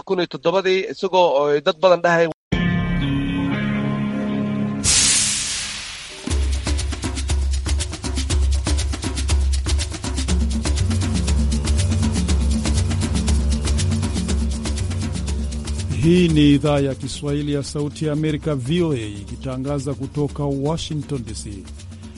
labada kun iyo toddobadii isagoo dad badan dhahay Hii ni idhaa ya Kiswahili ya Sauti ya Amerika, VOA, ikitangaza kutoka Washington DC.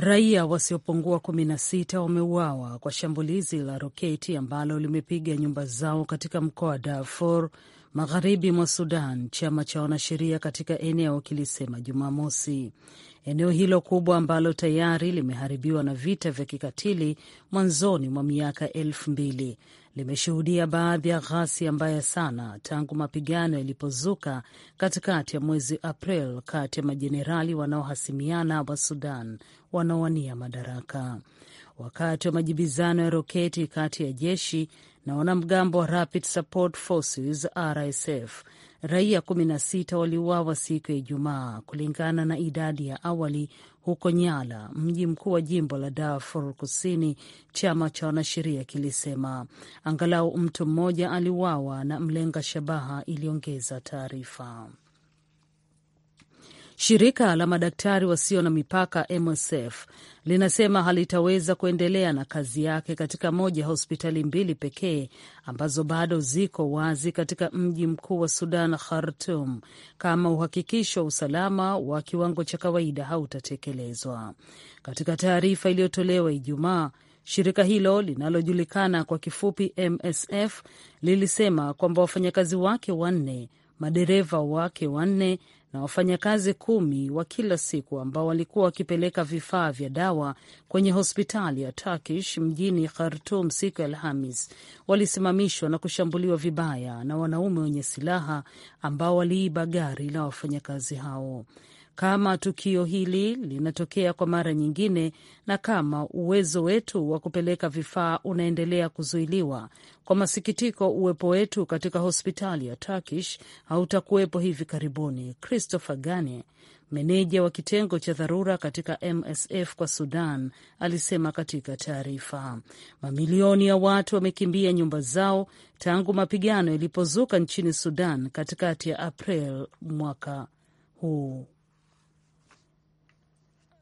Raia wasiopungua 16 wameuawa kwa shambulizi la roketi ambalo limepiga nyumba zao katika mkoa wa Darfur magharibi mwa Sudan, chama cha wanasheria katika eneo kilisema Jumamosi eneo hilo kubwa ambalo tayari limeharibiwa na vita vya kikatili mwanzoni mwa miaka elfu mbili limeshuhudia baadhi ya ghasia mbaya sana tangu mapigano yalipozuka katikati ya mwezi April kati ya majenerali wanaohasimiana wa Sudan wanaowania madaraka wakati wa majibizano ya roketi kati ya jeshi na wanamgambo wa Rapid Support Forces RSF. Raia 16 waliuawa siku ya Ijumaa kulingana na idadi ya awali huko Nyala, mji mkuu wa jimbo la Darfur Kusini. Chama cha wanasheria kilisema angalau mtu mmoja aliuawa na mlenga shabaha, iliongeza taarifa. Shirika la madaktari wasio na mipaka MSF linasema halitaweza kuendelea na kazi yake katika moja hospitali mbili pekee ambazo bado ziko wazi katika mji mkuu wa Sudan, Khartum, kama uhakikisho wa usalama wa kiwango cha kawaida hautatekelezwa. Katika taarifa iliyotolewa Ijumaa, shirika hilo linalojulikana kwa kifupi MSF lilisema kwamba wafanyakazi wake wanne, madereva wake wanne na wafanyakazi kumi wa kila siku ambao walikuwa wakipeleka vifaa vya dawa kwenye hospitali ya Turkish mjini Khartum siku ya Alhamis walisimamishwa na kushambuliwa vibaya na wanaume wenye silaha ambao waliiba gari la wafanyakazi hao kama tukio hili linatokea kwa mara nyingine na kama uwezo wetu wa kupeleka vifaa unaendelea kuzuiliwa. Kwa masikitiko, uwepo wetu katika hospitali ya Turkish hautakuwepo hivi karibuni. Christopher Gane, meneja wa kitengo cha dharura katika MSF kwa Sudan, alisema katika taarifa. Mamilioni ya watu wamekimbia nyumba zao tangu mapigano yalipozuka nchini Sudan katikati ya April mwaka huu.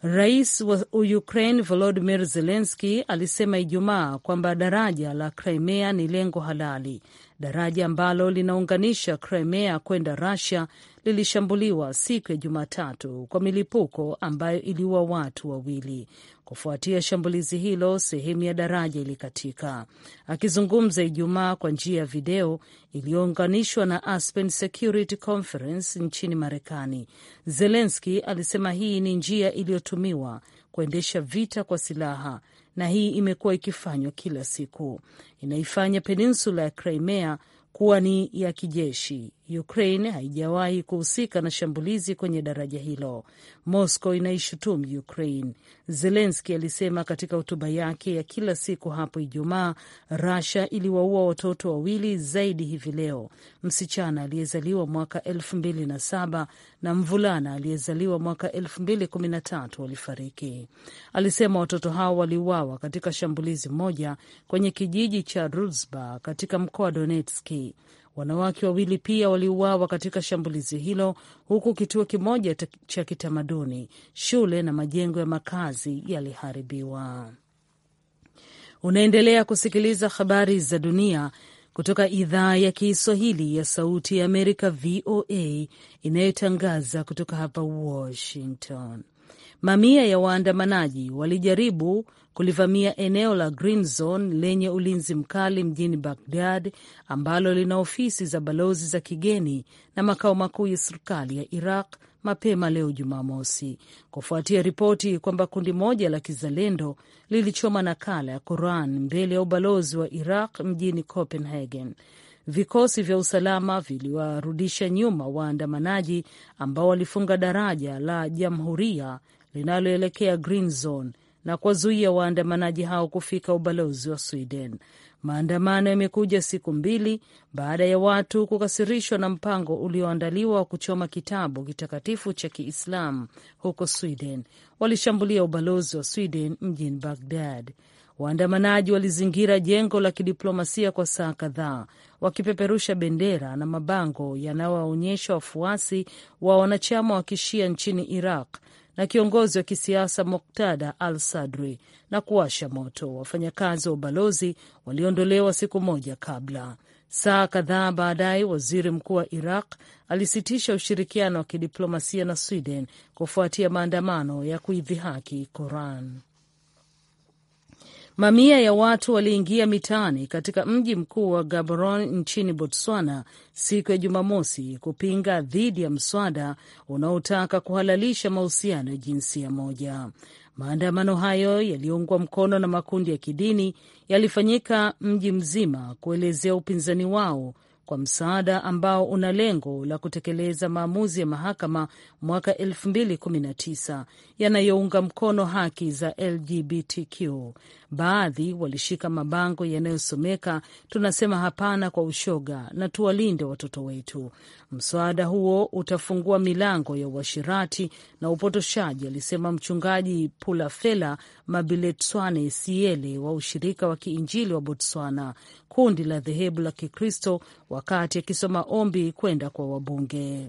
Rais wa Ukraine volodimir zelenski alisema Ijumaa kwamba daraja la Crimea ni lengo halali Daraja ambalo linaunganisha Crimea kwenda Russia lilishambuliwa siku ya Jumatatu kwa milipuko ambayo iliua watu wawili. Kufuatia shambulizi hilo, sehemu ya daraja ilikatika. Akizungumza Ijumaa kwa njia ya video iliyounganishwa na Aspen Security Conference nchini Marekani, zelenski alisema hii ni njia iliyotumiwa kuendesha vita kwa silaha na hii imekuwa ikifanywa kila siku. Inaifanya peninsula ya Crimea kuwa ni ya kijeshi. Ukraine haijawahi kuhusika na shambulizi kwenye daraja hilo. Moscow inaishutumu Ukraine. Zelenski alisema katika hotuba yake ya kila siku hapo Ijumaa, rasha iliwaua watoto wawili zaidi hivi leo, msichana aliyezaliwa mwaka 27 na mvulana aliyezaliwa mwaka 2013 walifariki. Alisema watoto hao waliuawa katika shambulizi moja kwenye kijiji cha rusba katika mkoa wa Donetski. Wanawake wawili pia waliuawa katika shambulizi hilo, huku kituo kimoja cha kitamaduni, shule na majengo ya makazi yaliharibiwa. Unaendelea kusikiliza habari za dunia kutoka idhaa ya Kiswahili ya Sauti ya Amerika, VOA, inayotangaza kutoka hapa Washington. Mamia ya waandamanaji walijaribu kulivamia eneo la Green Zone lenye ulinzi mkali mjini Baghdad ambalo lina ofisi za balozi za kigeni na makao makuu ya serikali ya Iraq mapema leo Jumamosi, kufuatia ripoti kwamba kundi moja la kizalendo lilichoma nakala ya Quran mbele ya ubalozi wa Iraq mjini Copenhagen. Vikosi vya usalama viliwarudisha nyuma waandamanaji ambao walifunga daraja la Jamhuria linaloelekea Green Zone na kuwazuia waandamanaji hao kufika ubalozi wa Sweden. Maandamano yamekuja siku mbili baada ya watu kukasirishwa na mpango ulioandaliwa wa kuchoma kitabu kitakatifu cha Kiislamu huko Sweden. Walishambulia ubalozi wa Sweden mjini Bagdad. Waandamanaji walizingira jengo la kidiplomasia kwa saa kadhaa wakipeperusha bendera na mabango yanayowaonyesha wafuasi wa wanachama wa kishia nchini Iraq na kiongozi wa kisiasa Moktada Al Sadri na kuwasha moto. Wafanyakazi wa ubalozi waliondolewa siku moja kabla. Saa kadhaa baadaye, waziri mkuu wa Iraq alisitisha ushirikiano wa kidiplomasia na Sweden kufuatia maandamano ya kuidhihaki quran Mamia ya watu waliingia mitaani katika mji mkuu wa Gaborone nchini Botswana siku ya Jumamosi kupinga dhidi ya mswada unaotaka kuhalalisha mahusiano ya jinsia moja. Maandamano hayo yaliyoungwa mkono na makundi ya kidini yalifanyika mji mzima kuelezea upinzani wao kwa msaada ambao una lengo la kutekeleza maamuzi ya mahakama mwaka 2019 yanayounga mkono haki za LGBTQ. Baadhi walishika mabango yanayosomeka tunasema hapana kwa ushoga na tuwalinde watoto wetu. Mswada huo utafungua milango ya uashirati na upotoshaji, alisema mchungaji Pulafela Mabiletswane Siele wa ushirika wa kiinjili wa Botswana, kundi la dhehebu la Kikristo, wakati akisoma ombi kwenda kwa wabunge.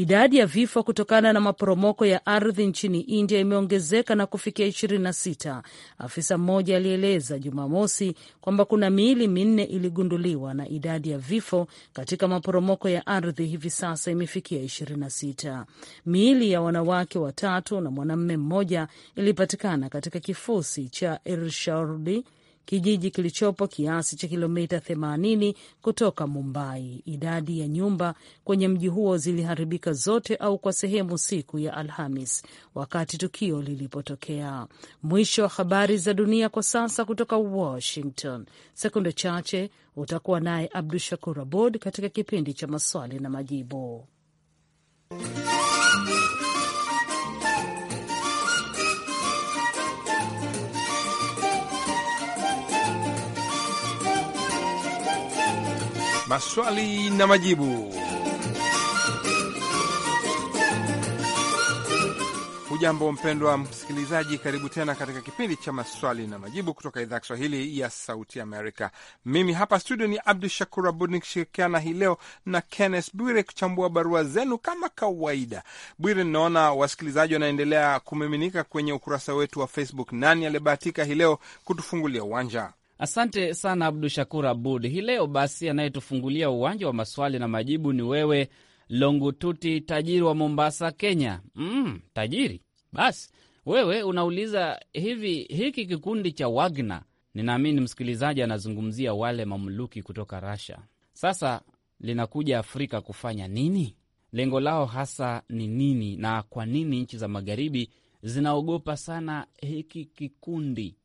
Idadi ya vifo kutokana na maporomoko ya ardhi nchini India imeongezeka na kufikia na sita Afisa mmoja alieleza Jumamosi kwamba kuna miili minne iligunduliwa na idadi ya vifo katika maporomoko ya ardhi hivi sasa imefikia na sita Miili ya wanawake watatu na mwanamume mmoja ilipatikana katika kifusi cha Ershardi kijiji kilichopo kiasi cha kilomita 80 kutoka Mumbai. Idadi ya nyumba kwenye mji huo ziliharibika zote au kwa sehemu siku ya Alhamis wakati tukio lilipotokea. Mwisho wa habari za dunia kwa sasa kutoka Washington. Sekunde chache utakuwa naye Abdu Shakur Abod katika kipindi cha maswali na majibu. maswali na majibu. Hujambo mpendwa msikilizaji, karibu tena katika kipindi cha maswali na majibu kutoka idhaa ya Kiswahili ya Sauti Amerika. Mimi hapa studio ni Abdu Shakur Abud nikishirikiana hii leo na Kennes Bwire kuchambua barua zenu kama kawaida. Bwire, ninaona wasikilizaji wanaendelea kumiminika kwenye ukurasa wetu wa Facebook. Nani aliyebahatika hii leo kutufungulia uwanja? Asante sana Abdu Shakur Abud. Hii leo basi, anayetufungulia uwanja wa maswali na majibu ni wewe Longututi, tajiri wa Mombasa, Kenya. Mm, tajiri basi wewe unauliza hivi, hiki kikundi cha Wagner, ninaamini msikilizaji anazungumzia wale mamluki kutoka Russia, sasa linakuja Afrika kufanya nini? Lengo lao hasa ni nini, na kwa nini nchi za magharibi zinaogopa sana hiki kikundi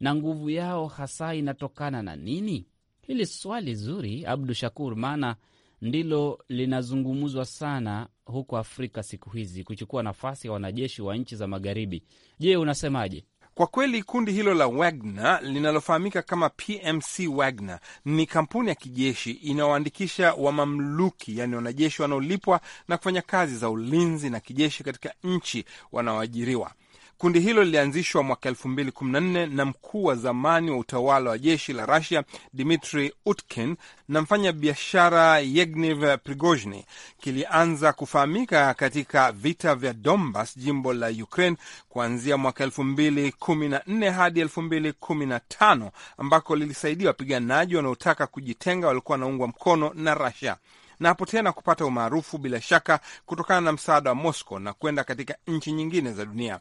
na nguvu yao hasa inatokana na nini? Hili swali zuri, Abdu Shakur, maana ndilo linazungumzwa sana huko Afrika siku hizi, kuchukua nafasi ya wanajeshi wa nchi za magharibi. Je, unasemaje? Kwa kweli kundi hilo la Wagner linalofahamika kama PMC Wagner ni kampuni ya kijeshi inayoandikisha wamamluki, yaani wanajeshi wanaolipwa na kufanya kazi za ulinzi na kijeshi katika nchi wanaoajiriwa. Kundi hilo lilianzishwa mwaka 2014 na mkuu wa zamani wa utawala wa jeshi la Rusia Dmitri Utkin na mfanya biashara Yevgeny Prigozhin. Kilianza kufahamika katika vita vya Donbas, jimbo la Ukraine, kuanzia mwaka 2014 hadi 2015 ambako lilisaidia wapiganaji wanaotaka kujitenga walikuwa wanaungwa mkono na rasia na hapo tena kupata umaarufu bila shaka kutokana na msaada wa Moscow na kwenda katika nchi nyingine za dunia.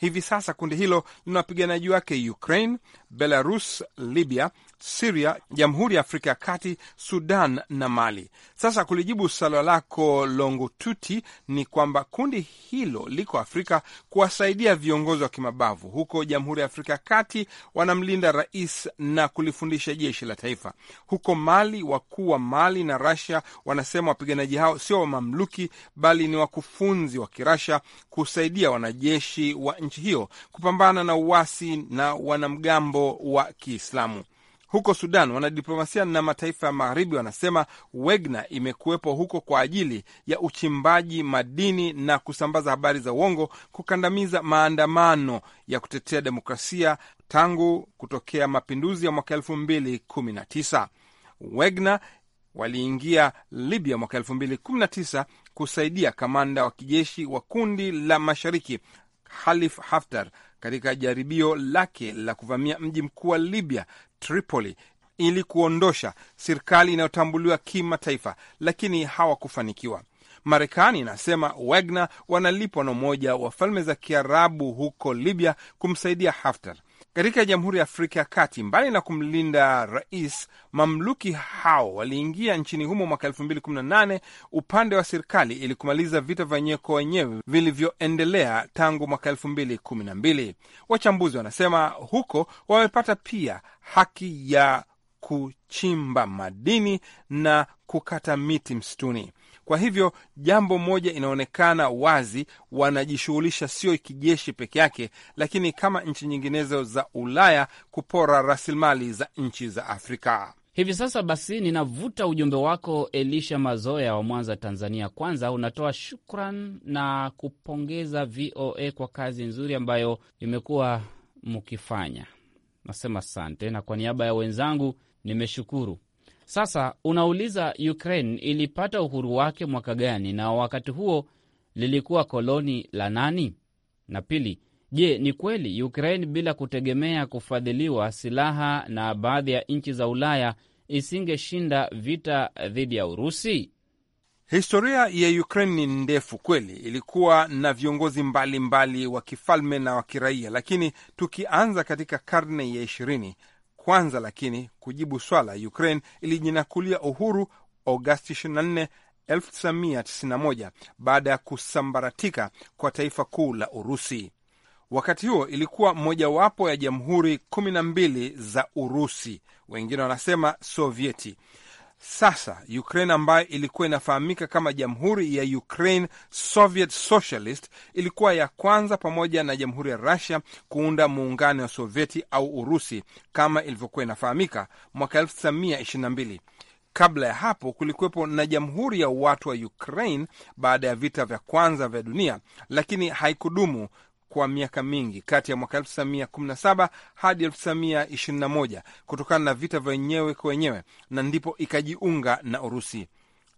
Hivi sasa kundi hilo lina wapiganaji wake Ukraine, Belarus, Libya, Siria, Jamhuri ya Afrika ya Kati, Sudan na Mali. Sasa kulijibu swala lako Longotuti ni kwamba kundi hilo liko Afrika kuwasaidia viongozi wa kimabavu. Huko Jamhuri ya Afrika ya Kati wanamlinda rais na kulifundisha jeshi la taifa. Huko Mali, wakuu wa Mali na Rasia wanasema wapiganaji hao sio wamamluki bali ni wakufunzi wa Kirasha kusaidia wanajeshi wa nchi hiyo kupambana na uasi na wanamgambo wa Kiislamu. Huko Sudan, wanadiplomasia na mataifa ya magharibi wanasema Wagner imekuwepo huko kwa ajili ya uchimbaji madini na kusambaza habari za uongo, kukandamiza maandamano ya kutetea demokrasia tangu kutokea mapinduzi ya mwaka elfu mbili kumi na tisa. Wagner waliingia Libya mwaka elfu mbili kumi na tisa kusaidia kamanda wa kijeshi wa kundi la mashariki Khalif Haftar katika jaribio lake la kuvamia mji mkuu wa Libya, Tripoli, ili kuondosha serikali inayotambuliwa kimataifa, lakini hawakufanikiwa. Marekani inasema Wagner wanalipwa na Umoja wa Falme za Kiarabu huko Libya kumsaidia Haftar katika Jamhuri ya Afrika ya Kati, mbali na kumlinda rais, mamluki hao waliingia nchini humo mwaka elfu mbili kumi na nane upande wa serikali ili kumaliza vita vya wenyewe kwa wenyewe vilivyoendelea tangu mwaka elfu mbili kumi na mbili Wachambuzi wanasema huko wamepata pia haki ya kuchimba madini na kukata miti msituni. Kwa hivyo jambo moja inaonekana wazi, wanajishughulisha sio kijeshi peke yake, lakini kama nchi nyinginezo za Ulaya kupora rasilimali za nchi za Afrika. Hivi sasa basi, ninavuta ujumbe wako Elisha Mazoya wa Mwanza, Tanzania. Kwanza unatoa shukran na kupongeza VOA kwa kazi nzuri ambayo imekuwa mkifanya. Nasema asante, na kwa niaba ya wenzangu nimeshukuru. Sasa unauliza Ukraine ilipata uhuru wake mwaka gani, na wakati huo lilikuwa koloni la nani? Na pili, je, ni kweli Ukraine bila kutegemea kufadhiliwa silaha na baadhi ya nchi za Ulaya isingeshinda vita dhidi ya Urusi? Historia ya Ukraine ni ndefu kweli. Ilikuwa na viongozi mbalimbali wa kifalme na wa kiraia, lakini tukianza katika karne ya ishirini kwanza lakini kujibu swala, Ukraine ilijinakulia uhuru Agosti 24, 1991 baada ya kusambaratika kwa taifa kuu la Urusi. Wakati huo ilikuwa mojawapo ya jamhuri kumi na mbili za Urusi, wengine wanasema Sovieti. Sasa Ukraine ambayo ilikuwa inafahamika kama Jamhuri ya Ukraine Soviet Socialist ilikuwa ya kwanza pamoja na Jamhuri ya Rusia kuunda muungano wa Sovieti au Urusi kama ilivyokuwa inafahamika mwaka 1922. Kabla ya hapo kulikuwepo na Jamhuri ya Watu wa Ukraine baada ya vita vya kwanza vya dunia, lakini haikudumu kwa miaka mingi kati ya mwaka 1917 hadi 1921 kutokana na vita vya wenyewe kwa wenyewe, na ndipo ikajiunga na Urusi.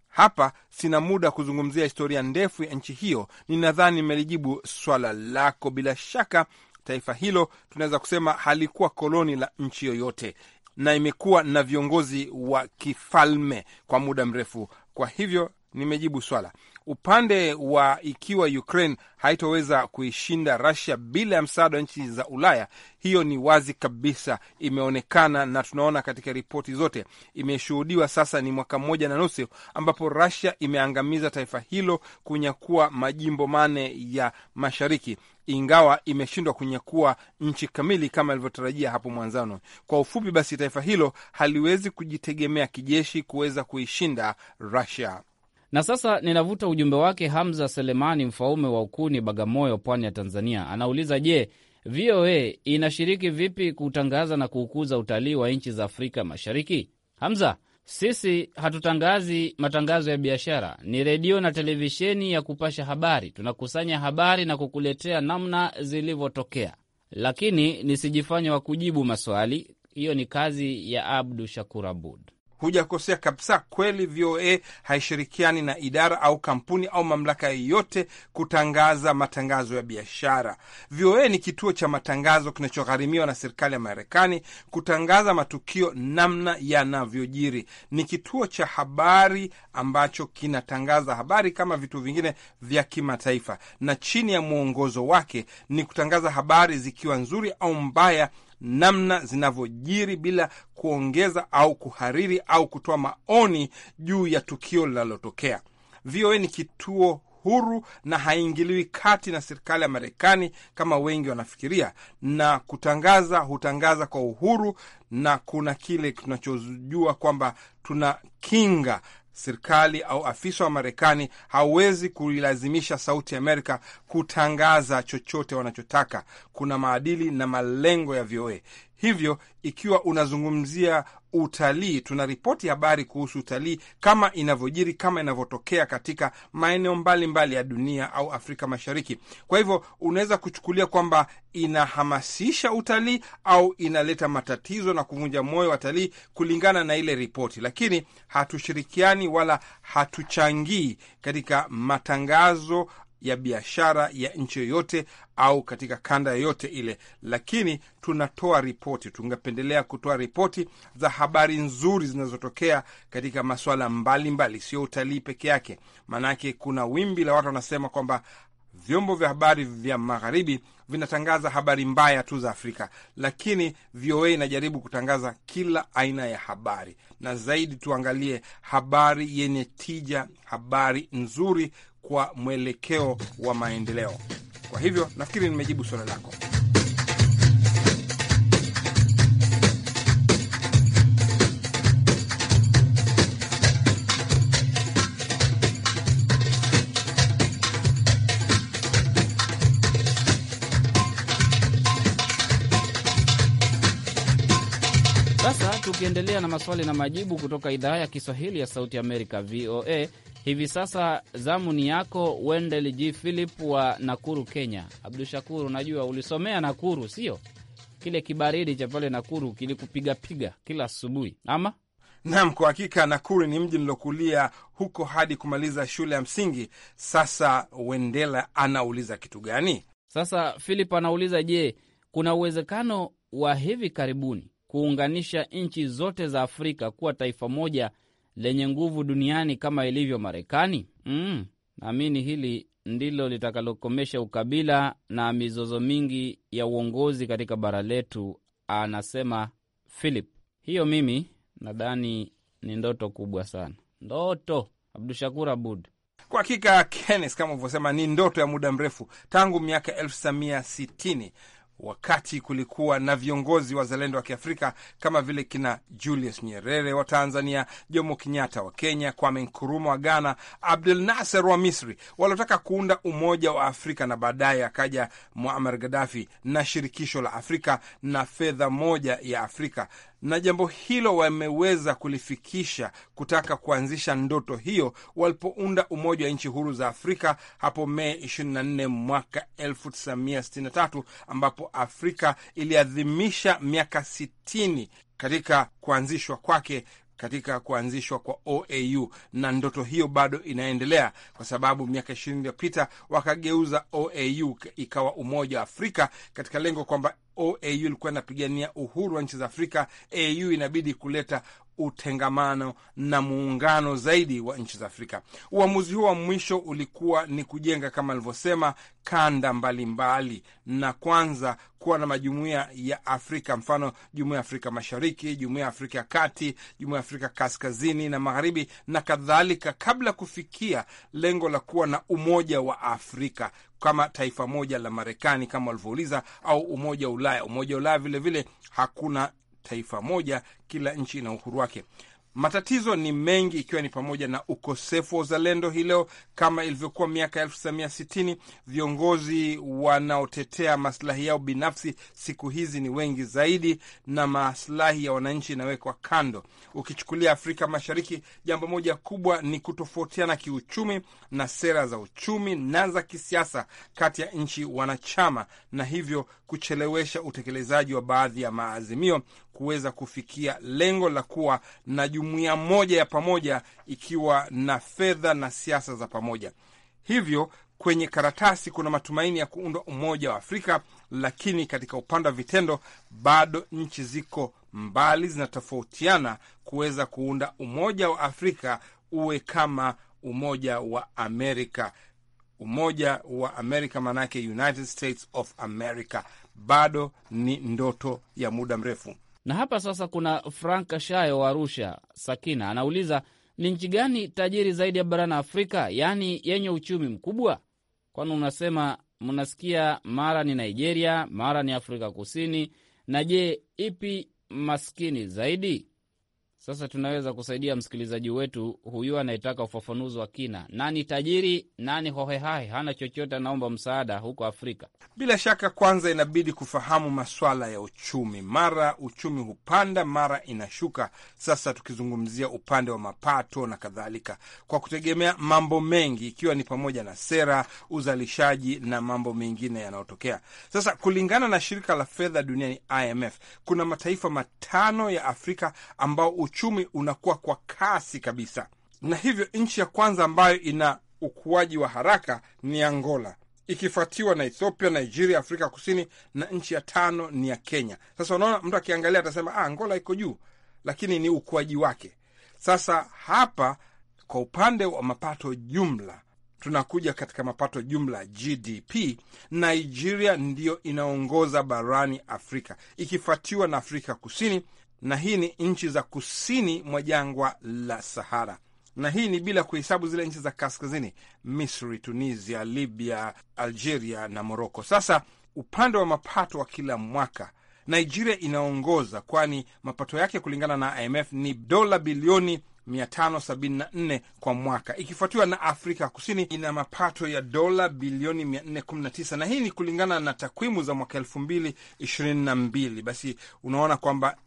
Hapa sina muda wa kuzungumzia historia ndefu ya nchi hiyo. Ninadhani nimelijibu swala lako. Bila shaka, taifa hilo tunaweza kusema halikuwa koloni la nchi yoyote, na imekuwa na viongozi wa kifalme kwa muda mrefu. Kwa hivyo nimejibu swala upande wa ikiwa Ukraine haitoweza kuishinda Russia bila ya msaada wa nchi za Ulaya, hiyo ni wazi kabisa, imeonekana na tunaona katika ripoti zote. Imeshuhudiwa sasa ni mwaka mmoja na nusu ambapo Russia imeangamiza taifa hilo kunyakua majimbo mane ya mashariki ingawa imeshindwa kunyakua nchi kamili kama ilivyotarajia hapo mwanzano. Kwa ufupi basi, taifa hilo haliwezi kujitegemea kijeshi kuweza kuishinda Russia. Na sasa ninavuta ujumbe wake Hamza Selemani, mfaume wa Ukuni, Bagamoyo, pwani ya Tanzania. Anauliza, je, VOA inashiriki vipi kutangaza na kuukuza utalii wa nchi za Afrika Mashariki? Hamza, sisi hatutangazi matangazo ya biashara, ni redio na televisheni ya kupasha habari. Tunakusanya habari na kukuletea namna zilivyotokea, lakini nisijifanye wa kujibu maswali. Hiyo ni kazi ya Abdu Shakur Abud. Hujakosea kabisa. Kweli VOA haishirikiani na idara au kampuni au mamlaka yoyote kutangaza matangazo ya biashara. VOA ni kituo cha matangazo kinachogharimiwa na serikali ya Marekani kutangaza matukio namna yanavyojiri. Ni kituo cha habari ambacho kinatangaza habari kama vitu vingine vya kimataifa, na chini ya mwongozo wake ni kutangaza habari zikiwa nzuri au mbaya namna zinavyojiri bila kuongeza au kuhariri au kutoa maoni juu ya tukio linalotokea. VOA ni kituo huru na haingiliwi kati na serikali ya Marekani kama wengi wanafikiria, na kutangaza hutangaza kwa uhuru, na kuna kile tunachojua kwamba tuna kinga serikali au afisa wa Marekani hawezi kuilazimisha Sauti Amerika kutangaza chochote wanachotaka. Kuna maadili na malengo ya VOA. Hivyo ikiwa unazungumzia utalii, tuna ripoti habari kuhusu utalii kama inavyojiri, kama inavyotokea katika maeneo mbalimbali ya dunia au Afrika Mashariki. Kwa hivyo unaweza kuchukulia kwamba inahamasisha utalii au inaleta matatizo na kuvunja moyo watalii kulingana na ile ripoti, lakini hatushirikiani wala hatuchangii katika matangazo ya biashara ya nchi yoyote au katika kanda yoyote ile, lakini tunatoa ripoti. Tungependelea kutoa ripoti za habari nzuri zinazotokea katika masuala mbalimbali, sio utalii peke yake, maanake kuna wimbi la watu wanasema kwamba vyombo vya habari vya magharibi vinatangaza habari mbaya tu za Afrika, lakini VOA inajaribu kutangaza kila aina ya habari, na zaidi tuangalie habari yenye tija, habari nzuri kwa mwelekeo wa maendeleo. Kwa hivyo nafikiri nimejibu swala lako. Sasa tukiendelea na maswali na majibu kutoka idhaa ya Kiswahili ya Sauti Amerika, VOA. Hivi sasa zamu ni yako Wendel G Philip wa Nakuru, Kenya. Abdu Shakur, unajua ulisomea Nakuru, sio? Kile kibaridi cha pale Nakuru kilikupigapiga kila asubuhi, ama? Naam, kwa hakika Nakuru ni mji nilokulia huko hadi kumaliza shule ya msingi. Sasa Wendela anauliza kitu gani? Sasa Philip anauliza, je, kuna uwezekano wa hivi karibuni kuunganisha nchi zote za Afrika kuwa taifa moja lenye nguvu duniani kama ilivyo Marekani? Mm, naamini hili ndilo litakalokomesha ukabila na mizozo mingi ya uongozi katika bara letu, anasema Philip. Hiyo mimi nadhani ni ndoto kubwa sana, ndoto Abdushakur Abud. Kwa hakika Kenneth, kama ulivyosema, ni ndoto ya muda mrefu tangu miaka elfu tisa mia sitini wakati kulikuwa na viongozi wazalendo wa Kiafrika kama vile kina Julius Nyerere wa Tanzania, Jomo Kenyatta wa Kenya, Kwame Nkuruma wa Ghana, Abdul Nasser wa Misri, waliotaka kuunda umoja wa Afrika na baadaye akaja Muammar Gaddafi na shirikisho la Afrika na fedha moja ya Afrika na jambo hilo wameweza kulifikisha, kutaka kuanzisha ndoto hiyo walipounda Umoja wa Nchi Huru za Afrika hapo Mei 24 mwaka 1963 ambapo Afrika iliadhimisha miaka 60 katika kuanzishwa kwake katika kuanzishwa kwa OAU na ndoto hiyo bado inaendelea, kwa sababu miaka ishirini iliyopita wakageuza OAU ikawa Umoja wa Afrika katika lengo kwamba au au ilikuwa inapigania uhuru wa nchi za Afrika. Au inabidi kuleta utengamano na muungano zaidi wa nchi za Afrika. Uamuzi huo wa mwisho ulikuwa ni kujenga kama alivyosema kanda mbalimbali mbali, na kwanza kuwa na majumuiya ya Afrika, mfano jumuiya ya Afrika Mashariki, jumuiya ya Afrika ya Kati, jumuiya ya Afrika Kaskazini na Magharibi na kadhalika, kabla kufikia lengo la kuwa na umoja wa Afrika kama taifa moja la Marekani kama walivyouliza, au umoja wa Ulaya. Umoja wa Ulaya vilevile hakuna taifa moja, kila nchi ina uhuru wake. Matatizo ni mengi, ikiwa ni pamoja na ukosefu wa uzalendo hii leo kama ilivyokuwa miaka 1960. Viongozi wanaotetea maslahi yao binafsi siku hizi ni wengi zaidi, na maslahi ya wananchi inawekwa kando. Ukichukulia Afrika Mashariki, jambo moja kubwa ni kutofautiana kiuchumi na sera za uchumi na za kisiasa kati ya nchi wanachama, na hivyo kuchelewesha utekelezaji wa baadhi ya maazimio kuweza kufikia lengo la kuwa na jumuiya moja ya pamoja ikiwa na fedha na siasa za pamoja. Hivyo kwenye karatasi kuna matumaini ya kuundwa umoja wa Afrika, lakini katika upande wa vitendo bado nchi ziko mbali, zinatofautiana kuweza kuunda umoja wa Afrika uwe kama umoja wa Amerika. Umoja wa Amerika maanake United States of America bado ni ndoto ya muda mrefu. Na hapa sasa kuna Frank Shayo wa Arusha, Sakina, anauliza ni nchi gani tajiri zaidi ya barani Afrika, yaani yenye uchumi mkubwa? Kwani unasema mnasikia mara ni Nigeria, mara ni Afrika Kusini, na je, ipi maskini zaidi? Sasa tunaweza kusaidia msikilizaji wetu huyu anayetaka ufafanuzi wa kina. Nani tajiri, nani hohehahe, hana chochote, anaomba msaada huko Afrika? Bila shaka, kwanza inabidi kufahamu maswala ya uchumi. Mara uchumi hupanda, mara inashuka. Sasa tukizungumzia upande wa mapato na kadhalika, kwa kutegemea mambo mengi, ikiwa ni pamoja na sera, uzalishaji na mambo mengine yanayotokea. Sasa kulingana na shirika la fedha duniani IMF, kuna mataifa matano ya Afrika ambao uchumi unakuwa kwa kasi kabisa, na hivyo nchi ya kwanza ambayo ina ukuaji wa haraka ni Angola, ikifuatiwa na Ethiopia, Nigeria, Afrika Kusini, na nchi ya tano ni ya Kenya. Sasa unaona, mtu akiangalia atasema ah, Angola iko juu, lakini ni ukuaji wake. Sasa hapa kwa upande wa mapato jumla, tunakuja katika mapato jumla GDP, Nigeria ndiyo inaongoza barani Afrika, ikifuatiwa na Afrika Kusini na hii ni nchi za kusini mwa jangwa la Sahara, na hii ni bila kuhesabu zile nchi za kaskazini: Misri, Tunisia, Libya, Algeria na Moroko. Sasa upande wa mapato wa kila mwaka Nigeria inaongoza kwani mapato yake kulingana na IMF ni dola bilioni 574 kwa mwaka, ikifuatiwa na Afrika Kusini ina mapato ya dola bilioni 419, na hii ni kulingana na takwimu za mwaka 2022. Basi unaona kwamba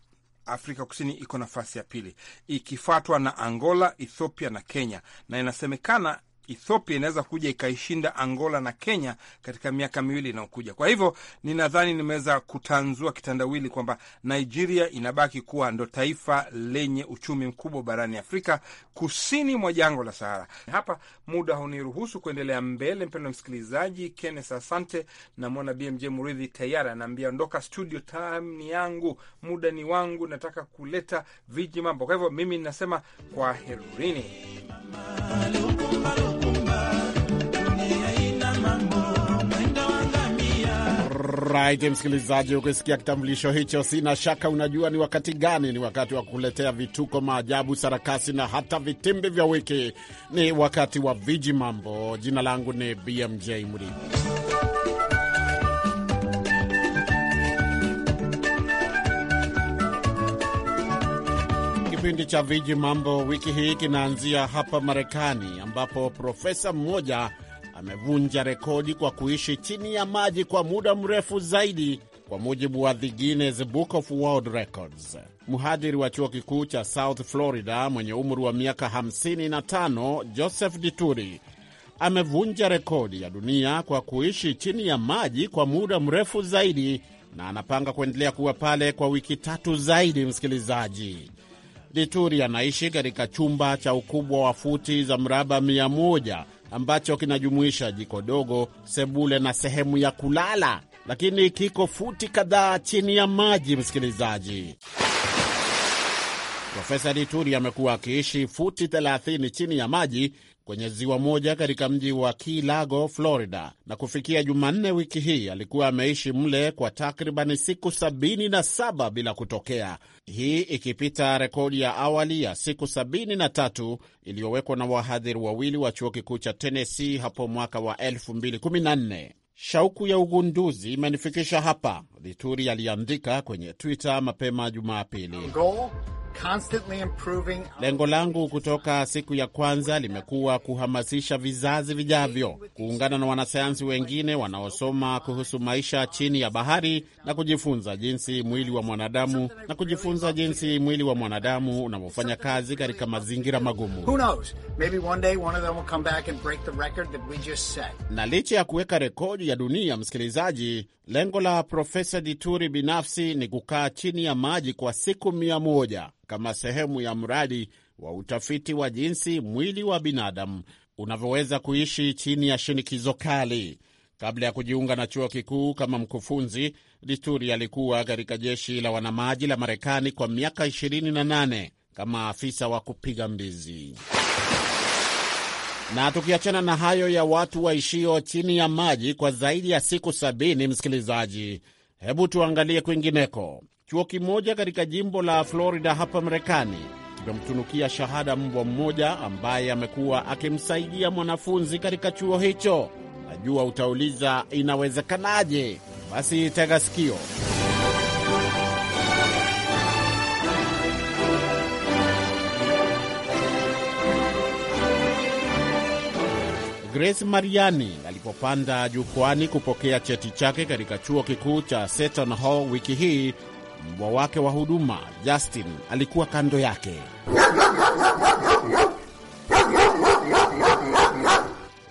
Afrika Kusini iko nafasi ya pili ikifuatwa na Angola, Ethiopia na Kenya, na inasemekana Ethiopia inaweza kuja ikaishinda Angola na Kenya katika miaka miwili inayokuja. Kwa hivyo ninadhani nimeweza kutanzua kitandawili kwamba Nigeria inabaki kuwa ndo taifa lenye uchumi mkubwa barani Afrika, kusini mwa jangwa la Sahara. Hapa muda huniruhusu kuendelea mbele, mpendo msikilizaji. Kenneth, asante. Namwona BMJ Muridhi tayari anaambia ondoka studio, time ni yangu, muda ni wangu, nataka kuleta viji mambo. Kwa hivyo mimi ninasema kwaherini. Right, msikilizaji, ukisikia kitambulisho hicho, sina shaka unajua ni wakati gani. Ni wakati wa kuletea vituko, maajabu, sarakasi na hata vitimbi vya wiki. Ni wakati wa viji mambo. Jina langu ni BMJ Mridhi. Kipindi cha Viji Mambo wiki hii kinaanzia hapa Marekani, ambapo profesa mmoja amevunja rekodi kwa kuishi chini ya maji kwa muda mrefu zaidi kwa mujibu wa The Guinness Book of World Records. Mhadhiri wa chuo kikuu cha South Florida mwenye umri wa miaka 55 Joseph Dituri amevunja rekodi ya dunia kwa kuishi chini ya maji kwa muda mrefu zaidi na anapanga kuendelea kuwa pale kwa wiki tatu zaidi. Msikilizaji, Dituri anaishi katika chumba cha ukubwa wa futi za mraba mia moja ambacho kinajumuisha jiko dogo, sebule na sehemu ya kulala, lakini kiko futi kadhaa chini ya maji. Msikilizaji, Profesa Dituri amekuwa akiishi futi 30 chini ya maji kwenye ziwa moja katika mji wa Key Largo, Florida, na kufikia Jumanne wiki hii alikuwa ameishi mle kwa takribani siku 77 bila kutokea, hii ikipita rekodi ya awali ya siku 73 iliyowekwa na wahadhiri wawili wa chuo kikuu cha Tennessee hapo mwaka wa 2014. Shauku ya ugunduzi imenifikisha hapa, Lituri aliandika kwenye Twitter mapema Jumapili constantly improving. Lengo langu kutoka siku ya kwanza limekuwa kuhamasisha vizazi vijavyo kuungana na wanasayansi wengine wanaosoma kuhusu maisha chini ya bahari na kujifunza jinsi mwili wa mwanadamu na kujifunza jinsi mwili wa mwanadamu unavyofanya kazi katika mazingira magumu. Na licha ya kuweka rekodi ya dunia, msikilizaji Lengo la Profesa Dituri binafsi ni kukaa chini ya maji kwa siku mia moja kama sehemu ya mradi wa utafiti wa jinsi mwili wa binadamu unavyoweza kuishi chini ya shinikizo kali. Kabla ya kujiunga na chuo kikuu kama mkufunzi, Dituri alikuwa katika jeshi la wanamaji la Marekani kwa miaka 28 kama afisa wa kupiga mbizi. Na tukiachana na hayo ya watu waishio chini ya maji kwa zaidi ya siku sabini, msikilizaji, hebu tuangalie kwingineko. Chuo kimoja katika jimbo la Florida hapa Marekani kimemtunukia shahada mbwa mmoja ambaye amekuwa akimsaidia mwanafunzi katika chuo hicho. Najua utauliza inawezekanaje? Basi tega sikio. Grace Mariani alipopanda jukwani kupokea cheti chake katika chuo kikuu cha Seton Hall wiki hii, mbwa wake wa huduma Justin alikuwa kando yake.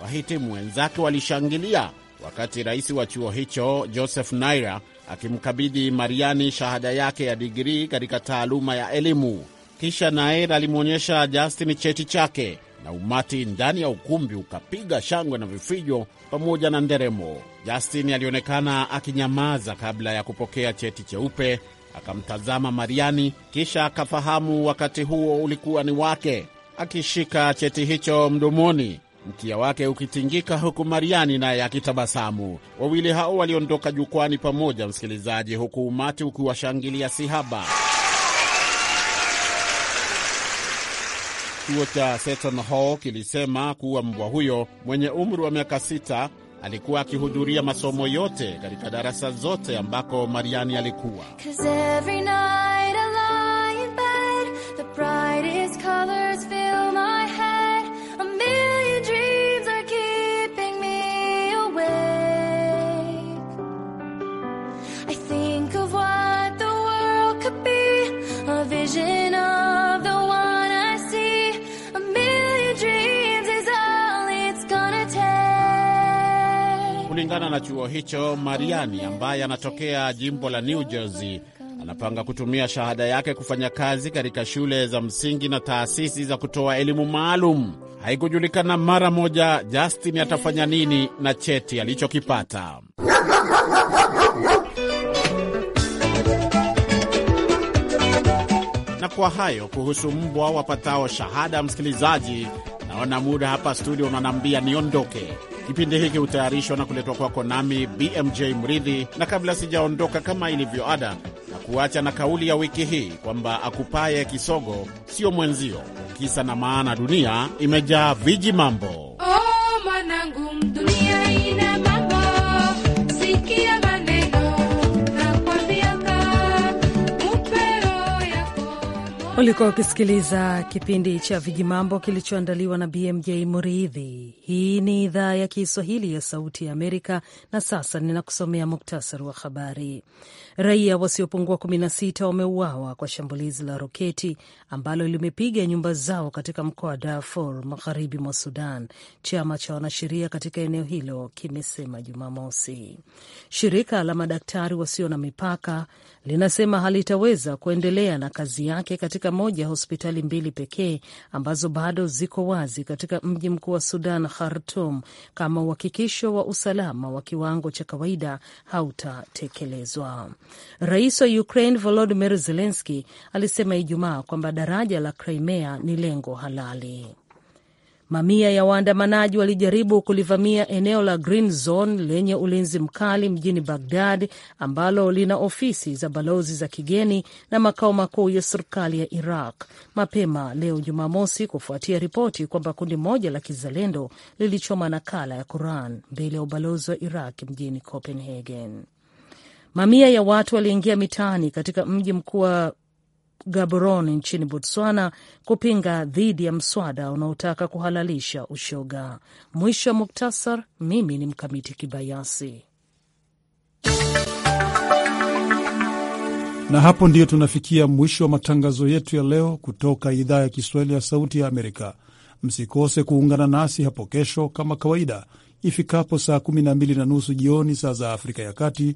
Wahitimu wenzake walishangilia wakati rais wa chuo hicho Joseph Naira akimkabidhi Mariani shahada yake ya digirii katika taaluma ya elimu. Kisha Naira alimwonyesha Justin cheti chake na umati ndani ya ukumbi ukapiga shangwe na vifijo pamoja na nderemo. Justin alionekana akinyamaza kabla ya kupokea cheti cheupe, akamtazama Mariani, kisha akafahamu wakati huo ulikuwa ni wake, akishika cheti hicho mdomoni mkia wake ukitingika huku Mariani naye akitabasamu. Wawili hao waliondoka jukwani pamoja, msikilizaji, huku umati ukiwashangilia sihaba. Kituo cha Seton Hall kilisema kuwa mbwa huyo mwenye umri wa miaka sita alikuwa akihudhuria masomo yote katika darasa zote ambako Mariani alikuwa. Kulingana na chuo hicho, Mariani ambaye anatokea jimbo la New Jersey anapanga kutumia shahada yake kufanya kazi katika shule za msingi na taasisi za kutoa elimu maalum. Haikujulikana mara moja Justin atafanya nini na cheti alichokipata. Na kwa hayo kuhusu mbwa wapatao shahada, msikilizaji, naona muda hapa studio unaniambia niondoke. Kipindi hiki hutayarishwa na kuletwa kwako nami BMJ Mridhi, na kabla sijaondoka, kama ilivyo ada, na kuacha na kauli ya wiki hii kwamba akupaye kisogo sio mwenzio. Kisa na maana, dunia imejaa viji mambo. Oh, manangu Ulikuwa ukisikiliza kipindi cha Vijimambo kilichoandaliwa na BMJ Muridhi. Hii ni idhaa ya Kiswahili ya Sauti ya Amerika, na sasa ninakusomea muktasari wa habari. Raia wasiopungua 16 wameuawa kwa shambulizi la roketi ambalo limepiga nyumba zao katika mkoa wa Darfur, magharibi mwa Sudan, chama cha wanasheria katika eneo hilo kimesema Jumamosi. Shirika la madaktari wasio na mipaka linasema halitaweza kuendelea na kazi yake katika moja ya hospitali mbili pekee ambazo bado ziko wazi katika mji mkuu wa Sudan, Khartum, kama uhakikisho wa usalama wa kiwango cha kawaida hautatekelezwa. Rais wa Ukraine Volodymyr Zelensky alisema Ijumaa kwamba daraja la Crimea ni lengo halali. Mamia ya waandamanaji walijaribu kulivamia eneo la Green Zone lenye ulinzi mkali mjini Bagdad, ambalo lina ofisi za balozi za kigeni na makao makuu ya serikali ya Iraq mapema leo Jumamosi, kufuatia ripoti kwamba kundi moja la kizalendo lilichoma nakala ya Quran mbele ya ubalozi wa Iraq mjini Copenhagen. Mamia ya watu waliingia mitaani katika mji mkuu wa Gaborone nchini Botswana kupinga dhidi ya mswada unaotaka kuhalalisha ushoga. Mwisho wa muktasar. Mimi ni Mkamiti Kibayasi, na hapo ndiyo tunafikia mwisho wa matangazo yetu ya leo kutoka idhaa ya Kiswahili ya Sauti ya Amerika. Msikose kuungana nasi hapo kesho kama kawaida ifikapo saa 12 na nusu jioni saa za Afrika ya Kati